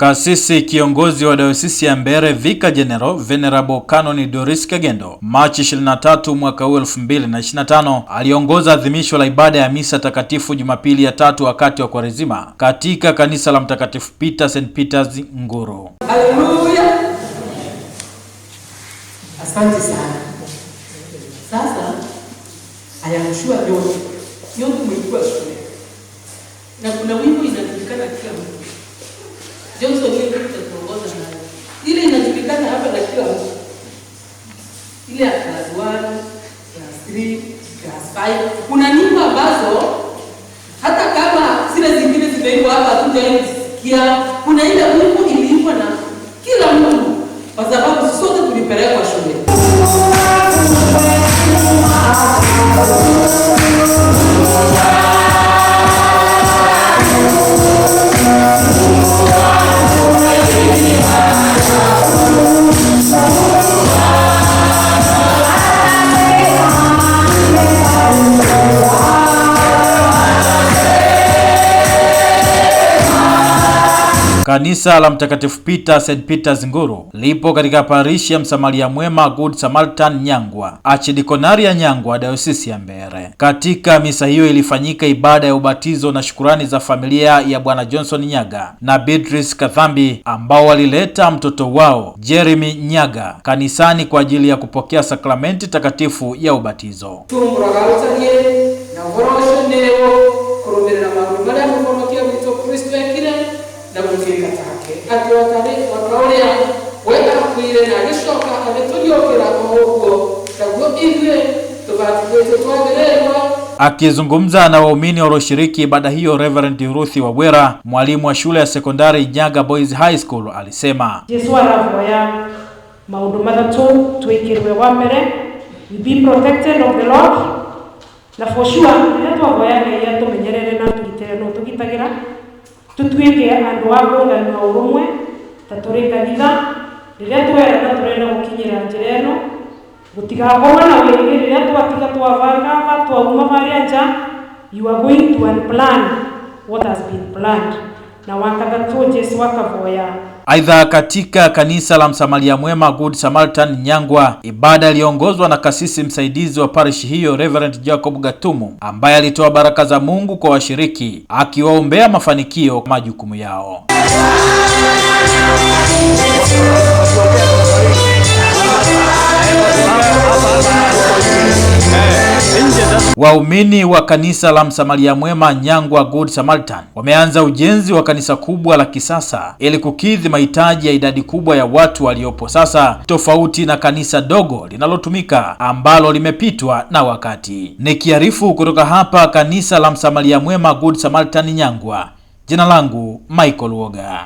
Kasisi kiongozi wa dayosisi ya Mbeere Vicar General Venerable Canon Doris kegendo Machi 23 mwaka huu 2025 aliongoza adhimisho la ibada ya misa takatifu Jumapili ya tatu wakati wa Kwaresima katika kanisa la Mtakatifu Peter St Peters Nguru. Haleluya, asante sana. Sasa shule na kuna wimbo inajulikana kila mtu Johnson hiyo kitu tunaongoza nayo. Ile inajulikana hapa na kila mtu. Ile ya class 1, class 3, class 5. Kuna nyimbo ambazo hata kama zile zingine zimeimbwa hapa hatujawahi kusikia. Kuna ile mungu iliimbwa na kila mtu kwa sababu sote tulipelekwa shule. Kanisa la Mtakatifu Peter St Peters Nguru lipo katika parishi ya Msamaria Mwema Good Samaritan Nyangwa, archidikonari ya Nyangwa, dayosisi ya Mbeere. Katika misa hiyo ilifanyika ibada ya ubatizo na shukurani za familia ya Bwana Johnson Nyaga na Beatrice Kadhambi ambao walileta mtoto wao Jeremy Nyaga kanisani kwa ajili ya kupokea sakramenti takatifu ya ubatizo na gutwika take atwatari ona uria wetakuire na agicoka agitugiukira ouguo naguo ithui tubatithitio twagirirwa Akizungumza na waumini walioshiriki ibada hiyo, Reverend Ruthi Wawera, mwalimu wa shule ya sekondari Nyaga Boys High School, alisema Yesu aravuoya maundu mathatu twikirwe wa mbere we be protected of the Lord na for sure riria twavoya ngai atumenyerere na atugitire no tugitagira tutuike andu a ngũthani urumwe ũrũmwe ta tũrĩ kanitha rĩrĩa twerana tũrenda gũkinyĩra njĩra ĩno gũtigakorwo na wĩrĩgĩ rĩrĩa twatiga twabanganga twauma harĩa nja you are going to unplan what has been planned na wakathatũ jesu akavoya Aidha, katika kanisa la Msamaria Mwema Good Samaritan Nyangwa, ibada iliongozwa na kasisi msaidizi wa parishi hiyo Reverend Jacob Gatumu, ambaye alitoa baraka za Mungu kwa washiriki akiwaombea mafanikio majukumu yao. Waumini wa kanisa la Msamaria Mwema Nyangwa Good Samaritan wameanza ujenzi wa kanisa kubwa la kisasa ili kukidhi mahitaji ya idadi kubwa ya watu waliopo sasa, tofauti na kanisa dogo linalotumika ambalo limepitwa na wakati. Nikiarifu kutoka hapa kanisa la Msamaria Mwema Good Samaritan Nyangwa, jina langu Michael Woga.